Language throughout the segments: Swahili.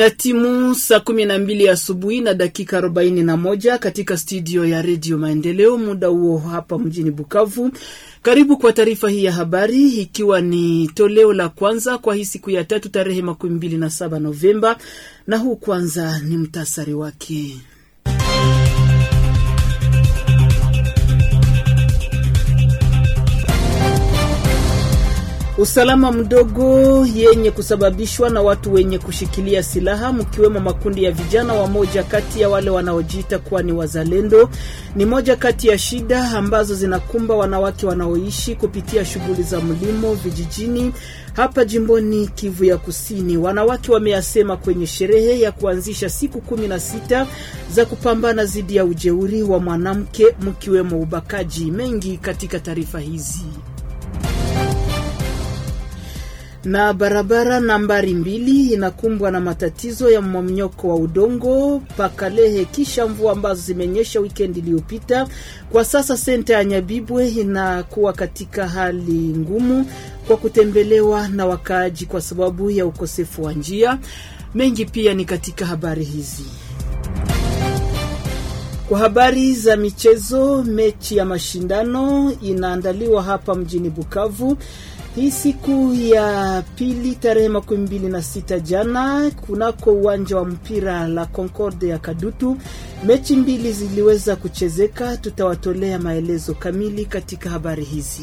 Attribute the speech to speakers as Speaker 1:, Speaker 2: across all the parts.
Speaker 1: na timu saa kumi na mbili asubuhi na dakika arobaini na moja katika studio ya redio Maendeleo, muda huo hapa mjini Bukavu. Karibu kwa taarifa hii ya habari, ikiwa ni toleo la kwanza kwa hii siku ya tatu tarehe makumi mbili na saba Novemba, na huu kwanza ni mtasari wake. usalama mdogo yenye kusababishwa na watu wenye kushikilia silaha mkiwemo makundi ya vijana wa moja kati ya wale wanaojiita kuwa ni wazalendo ni moja kati ya shida ambazo zinakumba wanawake wanaoishi kupitia shughuli za mlimo vijijini hapa jimboni Kivu ya Kusini. Wanawake wameyasema kwenye sherehe ya kuanzisha siku kumi na sita za kupambana dhidi ya ujeuri wa mwanamke mkiwemo ubakaji. Mengi katika taarifa hizi na barabara nambari mbili inakumbwa na matatizo ya mmomonyoko wa udongo Pakalehe kisha mvua ambazo zimenyesha wikendi iliyopita. Kwa sasa senta ya Nyabibwe inakuwa katika hali ngumu kwa kutembelewa na wakaaji kwa sababu ya ukosefu wa njia. Mengi pia ni katika habari hizi. Kwa habari za michezo, mechi ya mashindano inaandaliwa hapa mjini Bukavu hii siku ya pili tarehe makumi mbili na sita jana, kunako uwanja wa mpira la Concorde ya Kadutu, mechi mbili ziliweza kuchezeka. Tutawatolea maelezo kamili katika habari hizi.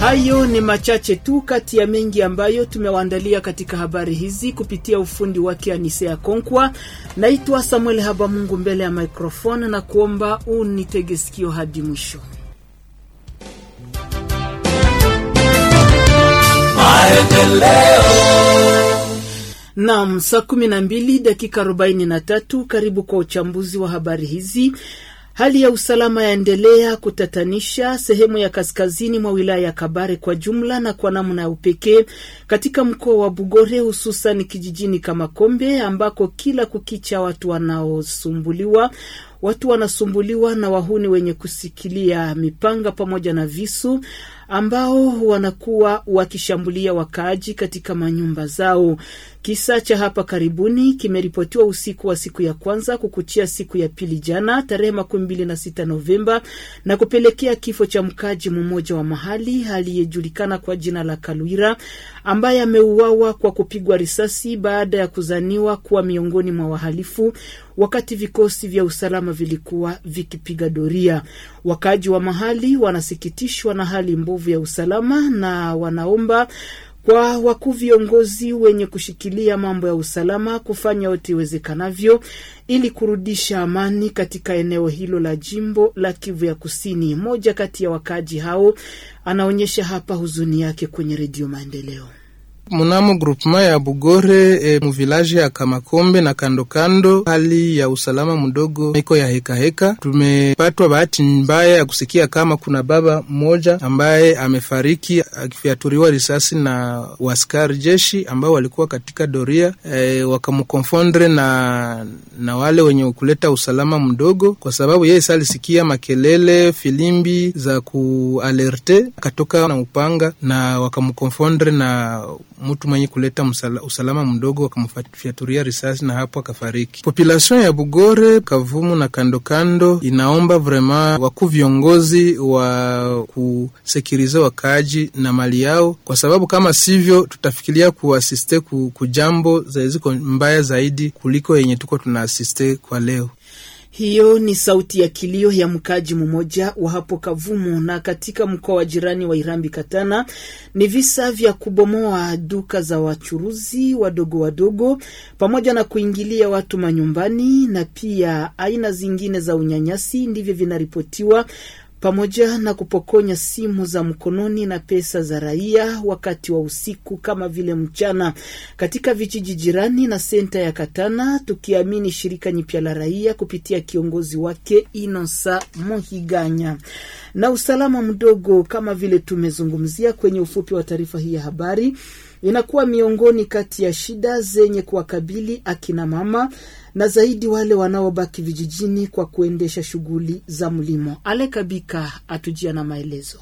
Speaker 1: Hayo ni machache tu kati ya mengi ambayo tumewaandalia katika habari hizi kupitia ufundi wake Anisea Konkwa. Naitwa Samuel Habamungu, mbele ya microfone na kuomba unitege sikio hadi mwisho. Naam, saa kumi na mbili dakika arobaini na tatu. Karibu kwa uchambuzi wa habari hizi. Hali ya usalama yaendelea kutatanisha sehemu ya kaskazini mwa wilaya ya Kabare kwa jumla na kwa namna ya upekee katika mkoa wa Bugore, hususan kijijini kama Kombe ambako kila kukicha watu wanaosumbuliwa watu wanasumbuliwa na wahuni wenye kusikilia mipanga pamoja na visu ambao wanakuwa wakishambulia wakaaji katika manyumba zao. Kisa cha hapa karibuni kimeripotiwa usiku wa siku ya kwanza kukuchia siku ya pili jana tarehe makumi mbili na sita Novemba na kupelekea kifo cha mkaaji mmoja wa mahali aliyejulikana kwa jina la Kalwira ambaye ameuawa kwa kupigwa risasi baada ya kuzaniwa kuwa miongoni mwa wahalifu wakati vikosi vya usalama vilikuwa vikipiga doria. Wakaaji wa mahali wanasikitishwa na hali mbo nguvu ya usalama na wanaomba kwa wakuu viongozi wenye kushikilia mambo ya usalama kufanya yote iwezekanavyo ili kurudisha amani katika eneo hilo la jimbo la Kivu ya Kusini. Mmoja kati ya wakaaji hao anaonyesha hapa huzuni yake kwenye Redio Maendeleo.
Speaker 2: Mnamo groupema ya Bugore e, muvilaji ya Kamakombe na kandokando, hali ya usalama mdogo iko ya hekaheka heka. Tumepatwa bahati mbaya ya kusikia kama kuna baba mmoja ambaye amefariki akifyaturiwa risasi na waskari jeshi ambao walikuwa katika doria e, wakamkonfondre na, na wale wenye kuleta usalama mdogo, kwa sababu yeye alisikia makelele filimbi za kualerte akatoka na upanga na wakamkonfondre na mtu mwenye kuleta msala, usalama mdogo wakamfyaturia risasi na hapo akafariki. Populasion ya Bugore, Kavumu na kandokando inaomba vrema wakuu viongozi wa kusekiriza wakaaji na mali yao, kwa sababu kama sivyo tutafikiria kuasiste kujambo zaiziko mbaya zaidi kuliko yenye tuko tunaasiste kwa leo.
Speaker 1: Hiyo ni sauti ya kilio ya mkaji mmoja wa hapo Kavumu na katika mkoa wa jirani wa Irambi Katana. Ni visa vya kubomoa duka za wachuruzi wadogo wadogo pamoja na kuingilia watu manyumbani na pia aina zingine za unyanyasi ndivyo vinaripotiwa pamoja na kupokonya simu za mkononi na pesa za raia wakati wa usiku kama vile mchana katika vijiji jirani na senta ya Katana, tukiamini shirika nyipya la raia kupitia kiongozi wake Inosa Mohiganya. Na usalama mdogo kama vile tumezungumzia kwenye ufupi wa taarifa hii ya habari inakuwa miongoni kati ya shida zenye kuwakabili akina mama na zaidi wale wanaobaki vijijini kwa kuendesha shughuli za mlimo. Alekabika atujia na maelezo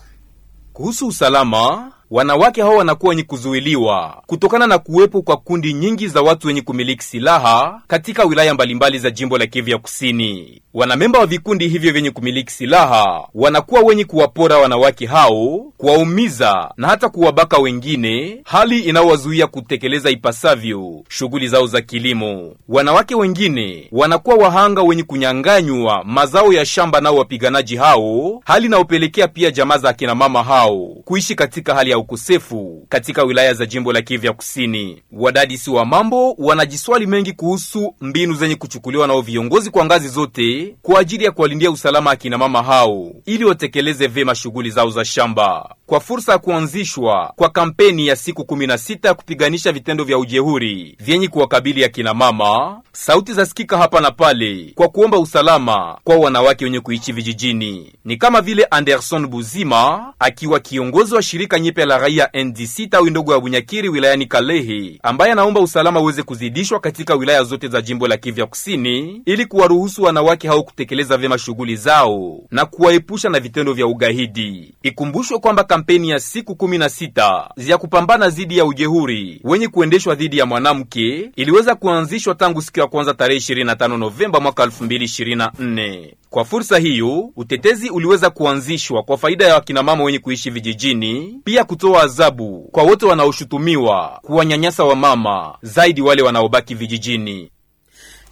Speaker 3: kuhusu usalama wanawake hao wanakuwa wenye kuzuiliwa kutokana na kuwepo kwa kundi nyingi za watu wenye kumiliki silaha katika wilaya mbalimbali za jimbo la Kivu ya Kusini. Wanamemba wa vikundi hivyo vyenye kumiliki silaha wanakuwa wenye kuwapora wanawake hao, kuwaumiza na hata kuwabaka wengine, hali inayowazuia kutekeleza ipasavyo shughuli zao za kilimo. Wanawake wengine wanakuwa wahanga wenye kunyanganywa mazao ya shamba nao wapiganaji hao, hali inayopelekea pia jamaa za akinamama hao kuishi katika hali ya ukosefu katika wilaya za jimbo la Kivu ya Kusini. Wadadisi wa mambo wanajiswali mengi kuhusu mbinu zenye kuchukuliwa nao viongozi kwa ngazi zote kwa ajili ya kuwalindia usalama akinamama hao ili watekeleze vyema shughuli zao za shamba kwa fursa ya kuanzishwa kwa kampeni ya siku 16 ya kupiganisha vitendo vya ujehuri vyenye kuwakabili akina mama. Sauti sikika hapa na pale kwa kuomba usalama kwa wanawake wenye kuishi vijijini, ni kama vile Anderson Buzima akiwa kiongozi wa shirika la la raia NDC tawi ndogo ya Bunyakiri wilayani Kalehe, ambaye anaomba usalama uweze kuzidishwa katika wilaya zote za jimbo la Kivya Kusini ili kuwaruhusu wanawake hao kutekeleza vyema shughuli zao na kuwaepusha na vitendo vya ugaidi. Ikumbushwe kwamba kampeni ya siku 16 za kupambana dhidi ya ujehuri wenye kuendeshwa dhidi ya mwanamke iliweza kuanzishwa tangu siku ya kwanza tarehe 25 Novemba mwaka 2024. Kwa fursa hiyo, utetezi uliweza kuanzishwa kwa faida ya wakinamama wenye kuishi vijijini, pia kutoa adhabu kwa wote wanaoshutumiwa kuwanyanyasa wamama, zaidi wale wanaobaki vijijini.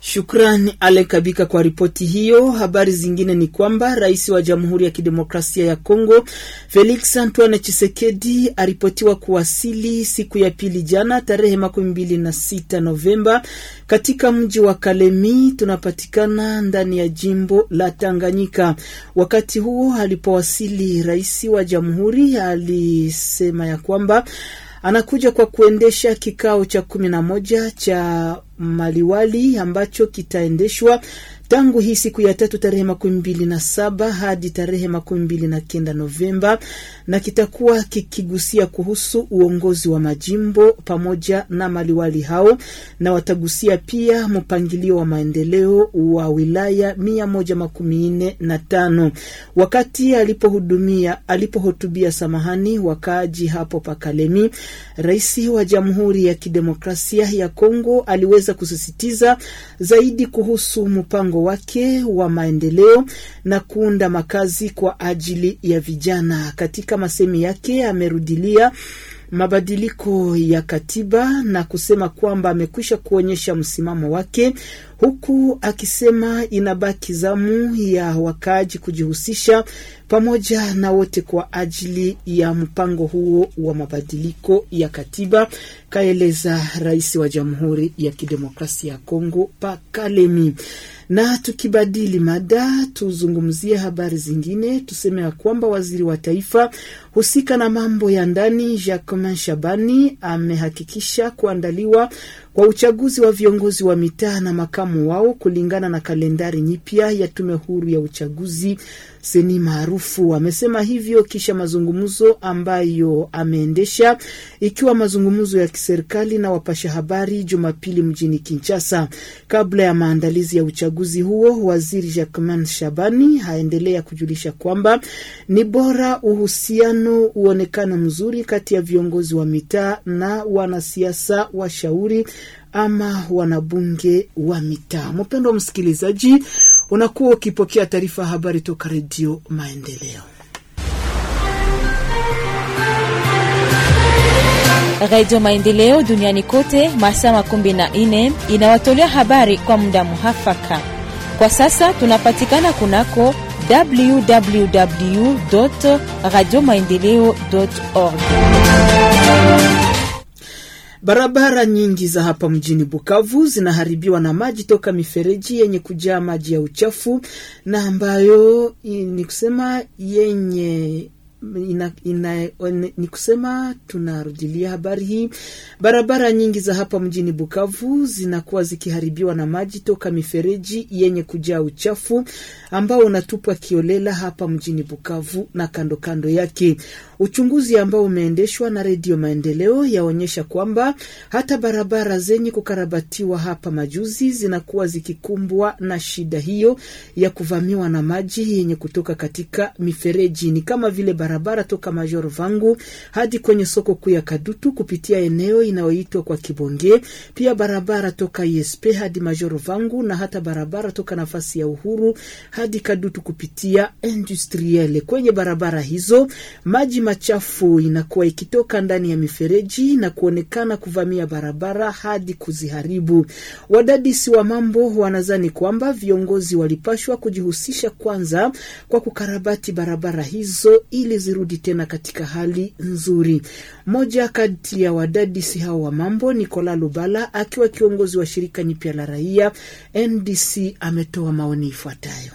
Speaker 1: Shukrani Ale Kabika kwa ripoti hiyo. Habari zingine ni kwamba rais wa Jamhuri ya Kidemokrasia ya Kongo Felix Antoine Chisekedi aripotiwa kuwasili siku ya pili jana, tarehe makumi mbili na sita Novemba katika mji wa Kalemi, tunapatikana ndani ya jimbo la Tanganyika. Wakati huo alipowasili, rais wa jamhuri alisema ya kwamba anakuja kwa kuendesha kikao cha kumi na moja cha maliwali ambacho kitaendeshwa tangu hii siku ya tatu tarehe makumi mbili na saba hadi tarehe makumi mbili na kenda Novemba, na kitakuwa kikigusia kuhusu uongozi wa majimbo pamoja na maliwali hao, na watagusia pia mpangilio wa maendeleo wa wilaya mia moja makumi nne na tano. Wakati alipohudumia alipohutubia, samahani, wakaaji hapo Pakalemi, rais wa Jamhuri ya Kidemokrasia ya Kongo aliweza kusisitiza zaidi kuhusu mpango mpango wake wa maendeleo na kuunda makazi kwa ajili ya vijana. Katika masemi yake amerudilia mabadiliko ya katiba na kusema kwamba amekwisha kuonyesha msimamo wake huku akisema inabaki zamu ya wakaaji kujihusisha pamoja na wote kwa ajili ya mpango huo wa mabadiliko ya katiba, kaeleza rais wa Jamhuri ya Kidemokrasia ya Kongo Pakalemi. Na tukibadili mada, tuzungumzie habari zingine. Tuseme ya kwamba waziri wa taifa husika na mambo ya ndani Jacquemain Shabani amehakikisha kuandaliwa kwa uchaguzi wa viongozi wa mitaa na makamu wao kulingana na kalendari nyipya ya tume huru ya uchaguzi seni maarufu. Amesema hivyo kisha mazungumzo ambayo ameendesha ikiwa mazungumzo ya kiserikali na wapasha habari Jumapili mjini Kinshasa kabla ya maandalizi ya uchaguzi huo. Waziri Jacquemain Shabani aendelea kujulisha kwamba ni bora uhusiano uonekane mzuri kati ya viongozi wa mitaa na wanasiasa washauri ama wanabunge wa mitaa. Mpendwa msikilizaji, unakuwa ukipokea taarifa ya habari toka Redio Maendeleo. Redio Maendeleo duniani kote masaa makumi na nne inawatolea habari kwa muda muhafaka. Kwa sasa tunapatikana kunako www radio maendeleo org Barabara nyingi za hapa mjini Bukavu zinaharibiwa na maji toka mifereji yenye kujaa maji ya uchafu na ambayo ni kusema yenye Ina, ina, ni kusema tunarudilia habari hii. Barabara nyingi za hapa mjini Bukavu zinakuwa zikiharibiwa na maji toka mifereji yenye kujaa uchafu ambao unatupwa kiolela hapa mjini Bukavu na kando kando yake. Uchunguzi ambao umeendeshwa na Redio Maendeleo yaonyesha kwamba hata barabara zenye kukarabatiwa hapa majuzi zinakuwa zikikumbwa na shida hiyo ya kuvamiwa na maji yenye kutoka katika mifereji. Ni kama vile barabara toka Major Vangu hadi kwenye soko kuu ya Kadutu kupitia eneo inayoitwa kwa Kibonge, pia barabara toka ISP hadi Major Vangu na hata barabara toka nafasi ya Uhuru hadi Kadutu kupitia Industriel. Kwenye barabara hizo maji Nyama chafu inakuwa ikitoka ndani ya mifereji na kuonekana kuvamia barabara hadi kuziharibu. Wadadisi wa mambo wanazani kwamba viongozi walipashwa kujihusisha kwanza kwa kukarabati barabara hizo ili zirudi tena katika hali nzuri. Mmoja kati ya wadadisi hao wa mambo, nikola Lubala, akiwa kiongozi wa shirika nyipya la raia NDC, ametoa maoni ifuatayo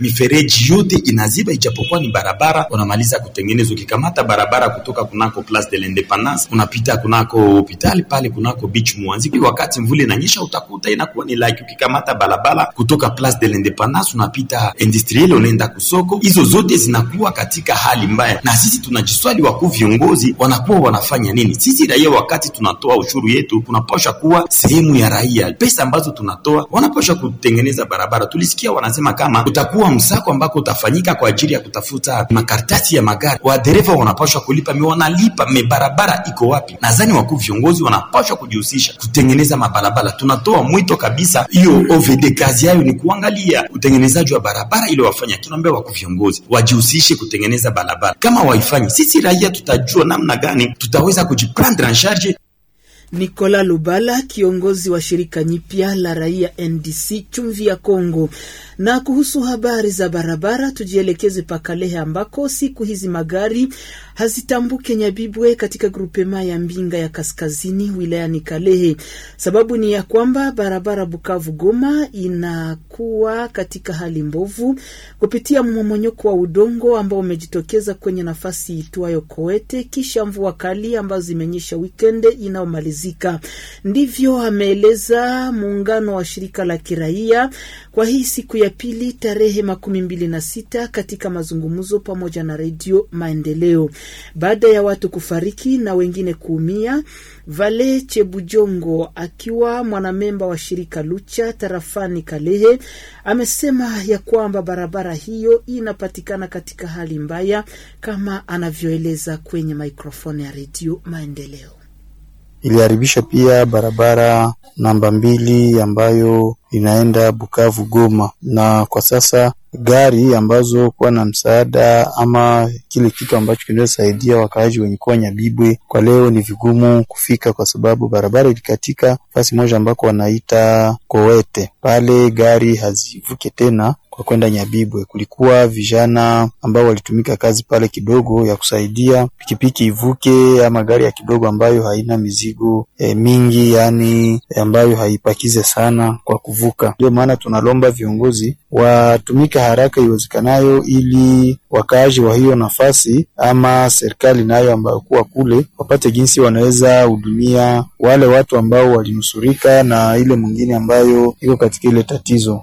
Speaker 4: mifereji yote inaziba, ijapokuwa ni barabara wanamaliza kutengeneza. Ukikamata barabara kutoka kunako Place de l'Independance unapita kunako hospitali pale kunako beach mwanzi wakati mvule inanyesha utakuta inakuwa ni like. Ukikamata barabara kutoka Place de l'Independance unapita industriel, unaenda kusoko, hizo zote zinakuwa katika hali mbaya, na sisi tunajiswali, waku viongozi wanakuwa wanafanya nini? Sisi raia, wakati tunatoa ushuru yetu, tunapasha kuwa sehemu ya raia. Pesa ambazo tunatoa wanaposha kutengeneza barabara. Tulisikia wanasema kama utakuwa kuwa msako ambako utafanyika kwa ajili ya kutafuta makaratasi ya magari. Wadereva wanapashwa kulipa, me wanalipa, me barabara iko wapi? Nadhani wakuu viongozi wanapashwa kujihusisha kutengeneza mabarabara. Tunatoa mwito kabisa, hiyo OVD kazi yayo ni kuangalia utengenezaji wa barabara ili wafanya. Tunaambia wakuu viongozi wajihusishe kutengeneza barabara, kama waifanyi, sisi raia tutajua namna gani tutaweza kujiprendre en charge.
Speaker 1: Nicola Lubala, kiongozi wa shirika nyipya la raia NDC chumvi ya Kongo. Na kuhusu habari za barabara, tujielekeze Pakalehe ambako siku hizi magari hazitambuke Nyabibwe katika grupema ya Mbinga ya kaskazini wilayani Kalehe. Sababu ni ya kwamba barabara Bukavu Goma inakuwa katika hali mbovu kupitia mmomonyoko wa udongo ambao umejitokeza kwenye nafasi itwayo Koete kisha mvua kali ambazo zimenyesha wikende inayomaliza kuzika. Ndivyo ameeleza muungano wa shirika la kiraia kwa hii siku ya pili tarehe makumi mbili na sita katika mazungumzo pamoja na Redio Maendeleo baada ya watu kufariki na wengine kuumia. Vale Chebujongo akiwa mwanamemba wa shirika Lucha tarafani Kalehe amesema ya kwamba barabara hiyo inapatikana katika hali mbaya, kama anavyoeleza kwenye mikrofoni ya Redio Maendeleo.
Speaker 5: Iliharibisha pia barabara namba mbili ambayo inaenda Bukavu Goma, na kwa sasa gari ambazo kuwa na msaada ama kile kitu ambacho kinaweza saidia wakaaji wenye kuwa Nyabibwe kwa leo ni vigumu kufika, kwa sababu barabara ilikatika fasi moja ambako wanaita Kowete. Pale gari hazivuke tena, kwa kwenda Nyabibwe. Kulikuwa vijana ambao walitumika kazi pale kidogo ya kusaidia pikipiki ivuke ama gari ya kidogo ambayo haina mizigo e, mingi yani e, ambayo haipakize sana kwa kuvuka. Ndio maana tunalomba viongozi watumika haraka iwezekanayo, ili wakaaji wa hiyo nafasi ama serikali nayo ambayo kuwa kule wapate jinsi wanaweza hudumia wale watu ambao walinusurika na ile mwingine ambayo iko katika ile tatizo.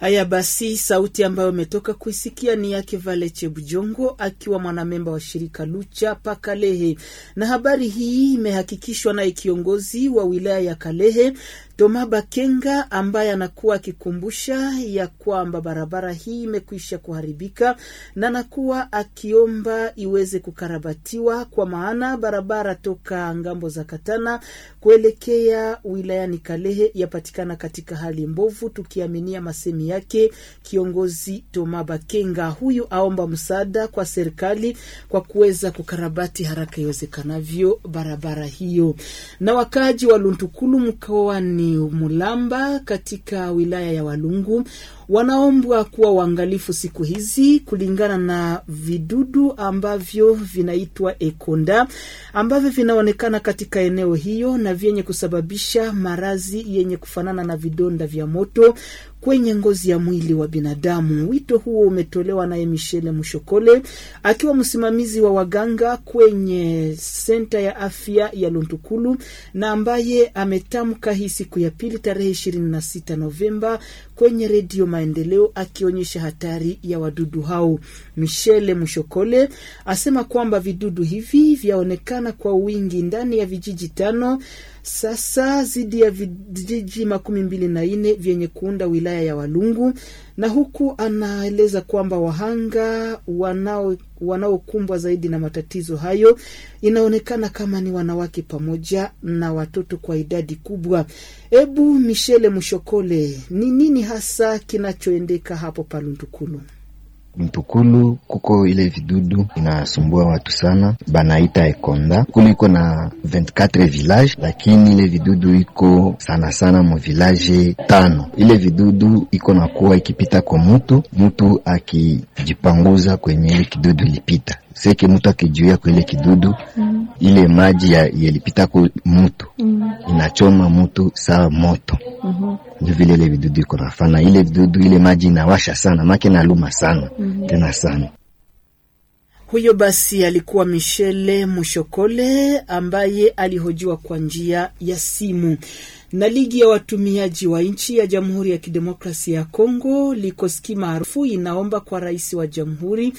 Speaker 1: Haya basi, sauti ambayo ametoka kuisikia ni yake Vale Chebujongo akiwa mwanamemba wa shirika Lucha pa Kalehe, na habari hii imehakikishwa naye kiongozi wa wilaya ya Kalehe Toma Bakenga ambaye anakuwa akikumbusha ya kwamba barabara hii imekwisha kuharibika na anakuwa akiomba iweze kukarabatiwa, kwa maana barabara toka ngambo za Katana kuelekea wilayani Kalehe yapatikana katika hali mbovu, tukiaminia masemi yake kiongozi Toma Bakenga. Huyu aomba msaada kwa serikali kwa kuweza kukarabati haraka iwezekanavyo barabara hiyo. Na wakaaji wa Luntukulu mkoani Mulamba katika wilaya ya Walungu wanaombwa kuwa waangalifu siku hizi kulingana na vidudu ambavyo vinaitwa ekonda ambavyo vinaonekana katika eneo hiyo na vyenye kusababisha marazi yenye kufanana na vidonda vya moto kwenye ngozi ya mwili wa binadamu. Wito huo umetolewa naye Michele Mushokole akiwa msimamizi wa waganga kwenye senta ya afya ya Luntukulu na ambaye ametamka hii siku ya pili tarehe 26 Novemba kwenye Redio Maendeleo akionyesha hatari ya wadudu hao. Michele mshokole asema kwamba vidudu hivi vyaonekana kwa wingi ndani ya vijiji tano sasa zidi ya vijiji makumi mbili na nne vyenye kuunda wilaya ya Walungu, na huku anaeleza kwamba wahanga wanao wanaokumbwa zaidi na matatizo hayo inaonekana kama ni wanawake pamoja na watoto kwa idadi kubwa. Ebu Michele mshokole ni nini hasa kinachoendeka hapo Palundukulu?
Speaker 5: Mtukulu kuko ile vidudu inasumbua watu sana, banaita ekonda. Mtukulu iko na 24 village, lakini ile vidudu iko sana sana mu village tano. Ile vidudu iko na kuwa ikipita kwa mutu, mutu akijipanguza kwenye ile kidudu ilipita seke mtu akijuia kwele kidudu mm. ile maji yelipitako mutu mm. inachoma mutu saa moto mm -hmm. ndio vile ile vidudu iko nafana ile vidudu ile maji inawasha sana make naluma sana mm -hmm. tena sana
Speaker 1: huyo basi alikuwa Michele Mushokole ambaye alihojiwa kwa njia ya simu na ligi ya watumiaji wa nchi ya Jamhuri ya Kidemokrasia ya Kongo likoski maarufu inaomba kwa rais wa jamhuri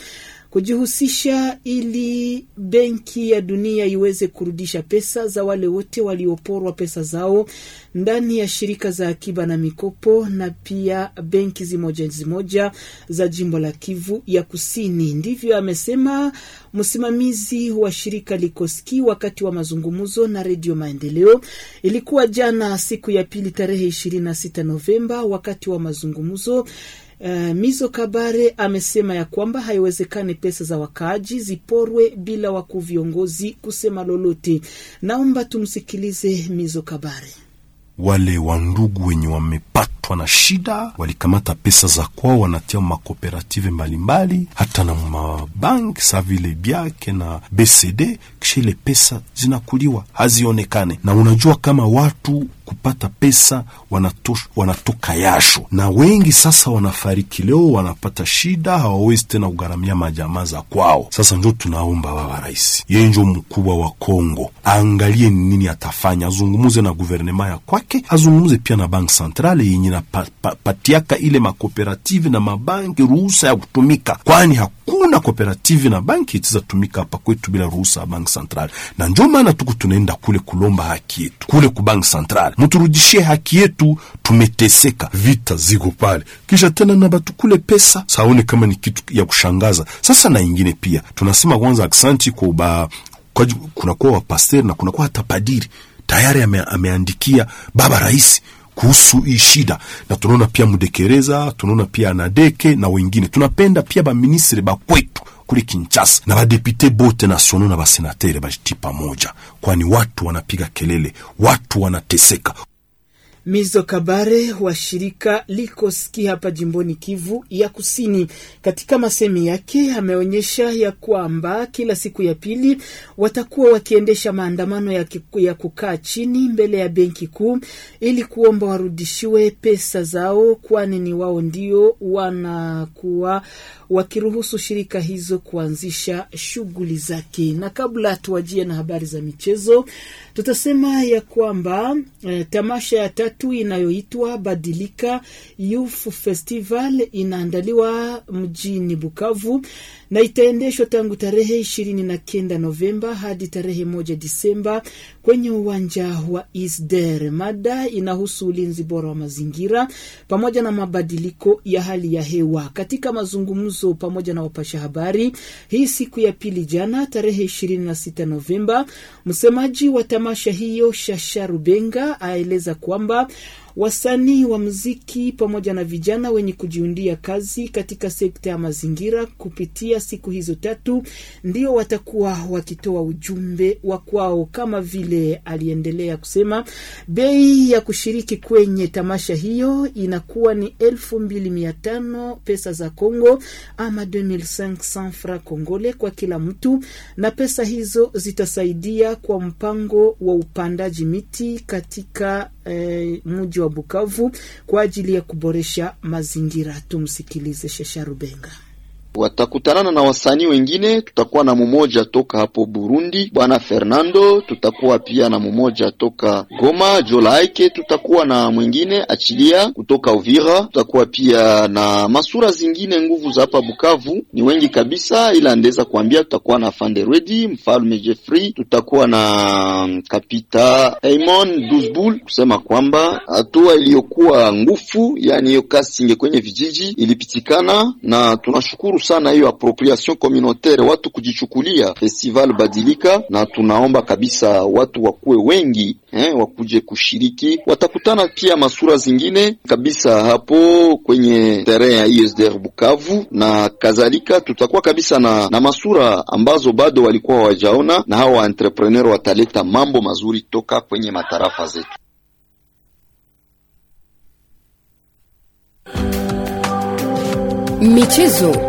Speaker 1: kujihusisha ili Benki ya Dunia iweze kurudisha pesa za wale wote walioporwa pesa zao ndani ya shirika za akiba na mikopo na pia benki zimoja zimoja za jimbo la Kivu ya Kusini. Ndivyo amesema msimamizi wa shirika Likoski wakati wa mazungumzo na Redio Maendeleo. Ilikuwa jana siku ya pili tarehe 26 Novemba, wakati wa mazungumzo Uh, Mizo Kabare amesema ya kwamba haiwezekani pesa za wakaaji ziporwe bila wakuu viongozi kusema lolote. Naomba tumsikilize Mizo Kabare.
Speaker 4: Wale wandugu wenye wamepatwa na shida walikamata pesa za kwao, wanatia makooperative mbalimbali, hata na mabank sa vile biake na BCD, kisha ile pesa zinakuliwa hazionekane. Na unajua kama watu kupata pesa wanatosh, wanatoka yasho, na wengi sasa wanafariki leo, wanapata shida, hawawezi tena kugharamia majamaa za kwao. Sasa njo tunaomba baba rais, yeye njo mkubwa wa Kongo, aangalie ni nini atafanya, azungumuze na guvernema ya kwake, azungumuze pia na bank centrale yenye napatiaka pa, ile makooperative na mabanki ruhusa ya kutumika, kwani hakuna kooperative na banki itizatumika hapa kwetu bila ruhusa ya bank centrale, na njo maana tuku tunaenda kule kulomba haki yetu kule ku centrale muturudishie haki yetu, tumeteseka, vita ziko pale. Kisha tena na batu pesa saone kama ni kitu ya kushangaza. Sasa na ingine pia tunasema kwanza, aksanti kwa uba kunakuwa wapasteri na kunakuwa hata padiri tayari ame, ameandikia baba rais kuhusu hii shida, na tunaona pia mdekereza tunaona pia nadeke na wengine. Tunapenda pia baministri bakwetu kuli Kinshasa na badepute bote nasional na basenatere bajiti pamoja, kwani watu wanapiga kelele, watu wanateseka,
Speaker 1: Mizo Kabare wa shirika Likoski hapa jimboni Kivu ya Kusini, katika masemi yake ameonyesha ya kwamba kila siku ya pili watakuwa wakiendesha maandamano ya, ya kukaa chini mbele ya benki kuu ili kuomba warudishiwe pesa zao, kwani ni wao ndio wanakuwa wakiruhusu shirika hizo kuanzisha shughuli zake. Na kabla tuwajie na habari za michezo, tutasema ya kwamba eh, tamasha ya tatu tatu inayoitwa Badilika Youth Festival inaandaliwa mjini Bukavu na itaendeshwa tangu tarehe ishirini na kenda Novemba hadi tarehe moja Disemba kwenye uwanja wa Isder. Mada inahusu ulinzi bora wa mazingira pamoja na mabadiliko ya hali ya hewa. Katika mazungumzo pamoja na wapasha habari hii siku ya pili jana, tarehe sita Novemba, msemaji wa tamasha hiyo Shasha Rubenga aeleza kwamba lá. wasanii wa mziki pamoja na vijana wenye kujiundia kazi katika sekta ya mazingira kupitia siku hizo tatu ndio watakuwa wakitoa ujumbe wa kwao, kama vile aliendelea kusema. Bei ya kushiriki kwenye tamasha hiyo inakuwa ni 25 pesa za congo ama 2500 fra congole kwa kila mtu, na pesa hizo zitasaidia kwa mpango wa upandaji miti katika eh, mji wa Bukavu kwa ajili ya kuboresha mazingira. Tumsikilize Shesha Rubenga
Speaker 5: watakutana na wasanii wengine. Tutakuwa na mmoja toka hapo Burundi, bwana Fernando. Tutakuwa pia na mmoja toka Goma, Jolaike. Tutakuwa na mwingine Achilia kutoka Uvira. Tutakuwa pia na masura zingine nguvu za hapa Bukavu, ni wengi kabisa, ila ndeza kuambia tutakuwa na Redi, mfalme Jeffrey, tutakuwa na kapita Aimon dusbul kusema kwamba hatua iliyokuwa ngufu, yani hiyo kasi inge kwenye vijiji ilipitikana, na tunashukuru muhimu sana hiyo appropriation communautaire, watu kujichukulia festival badilika, na tunaomba kabisa watu wakuwe wengi eh, wakuje kushiriki. Watakutana pia masura zingine kabisa hapo kwenye terrain ya ISDR Bukavu na kadhalika. Tutakuwa kabisa na, na masura ambazo bado walikuwa hawajaona, na hawa entrepreneur wataleta mambo mazuri toka kwenye matarafa zetu.
Speaker 2: Michezo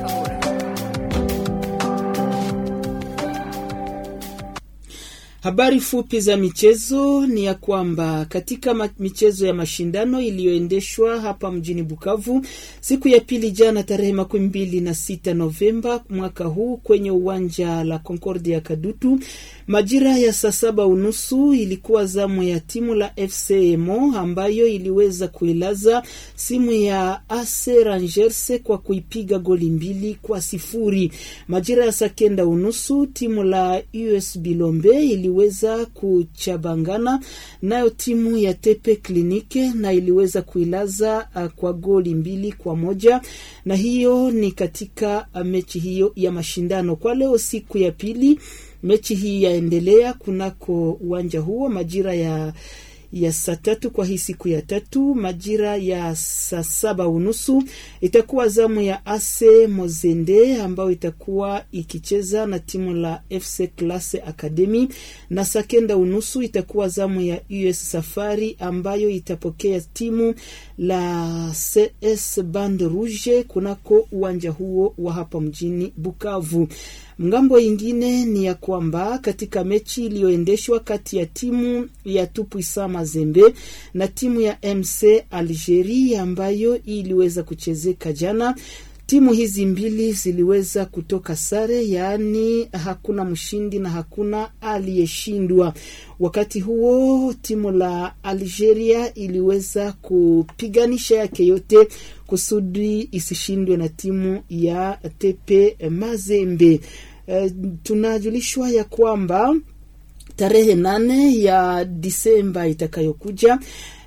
Speaker 1: Habari fupi za michezo ni ya kwamba katika michezo ya mashindano iliyoendeshwa hapa mjini Bukavu siku ya pili jana tarehe makumi mbili na sita Novemba mwaka huu kwenye uwanja la Concordia ya Kadutu majira ya saa saba unusu ilikuwa zamu ya timu la FC Emo ambayo iliweza kuilaza simu ya AC Rangers kwa kuipiga goli mbili kwa sifuri. Majira ya saa kenda unusu timu la USB Lombe ili iliweza kuchabangana nayo timu ya Tepe Klinike na iliweza kuilaza uh, kwa goli mbili kwa moja, na hiyo ni katika uh, mechi hiyo ya mashindano kwa leo siku ya pili. Mechi hii yaendelea kunako uwanja huo majira ya ya saa tatu kwa hii siku ya tatu majira ya saa saba unusu itakuwa zamu ya Ase Mozende ambayo itakuwa ikicheza na timu la FC Classe Academy, na saa kenda unusu itakuwa zamu ya US Safari ambayo itapokea timu la CS band Rouge kunako uwanja huo wa hapa mjini Bukavu. Ngambo ingine ni ya kwamba katika mechi iliyoendeshwa kati ya timu ya Tupuisama Mazembe na timu ya MC Algeria ambayo iliweza kuchezeka jana. Timu hizi mbili ziliweza kutoka sare, yaani hakuna mshindi na hakuna aliyeshindwa. Wakati huo timu la Algeria iliweza kupiganisha yake yote kusudi isishindwe na timu ya Tepe Mazembe. E, tunajulishwa ya kwamba tarehe nane ya Disemba itakayokuja.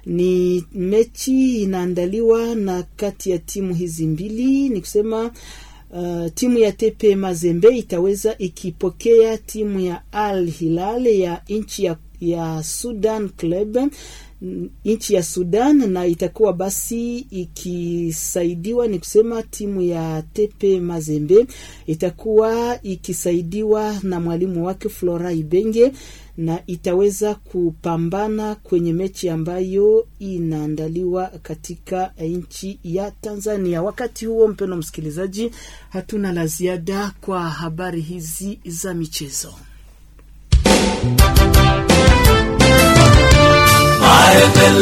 Speaker 1: Ni mechi inaandaliwa na kati ya timu hizi mbili, ni kusema uh, timu ya Tepe Mazembe itaweza ikipokea timu ya Al Hilal ya nchi ya, ya Sudan Club nchi ya Sudan na itakuwa basi ikisaidiwa, ni kusema timu ya Tepe Mazembe itakuwa ikisaidiwa na mwalimu wake Flora Ibenge na itaweza kupambana kwenye mechi ambayo inaandaliwa katika nchi ya Tanzania. Wakati huo, mpendwa msikilizaji, hatuna la ziada kwa habari hizi za michezo.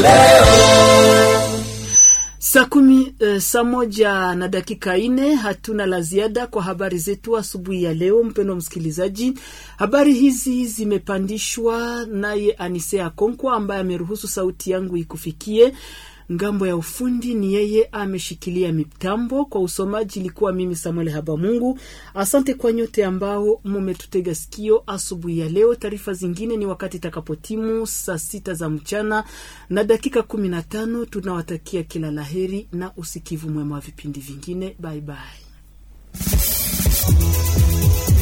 Speaker 1: Leo. Saa kumi e, saa moja na dakika ine. Hatuna la ziada kwa habari zetu asubuhi ya leo, mpendo msikilizaji. Habari hizi zimepandishwa naye Anisea Konkwa ambaye ameruhusu sauti yangu ikufikie ngambo ya ufundi ni yeye ameshikilia mitambo. Kwa usomaji ilikuwa mimi Samuel Habamungu. Asante kwa nyote ambao mumetutega sikio asubuhi ya leo. Taarifa zingine ni wakati itakapotimu saa sita za mchana na dakika kumi na tano. Tunawatakia kila laheri na usikivu mwema wa vipindi vingine. Baibai, bye bye.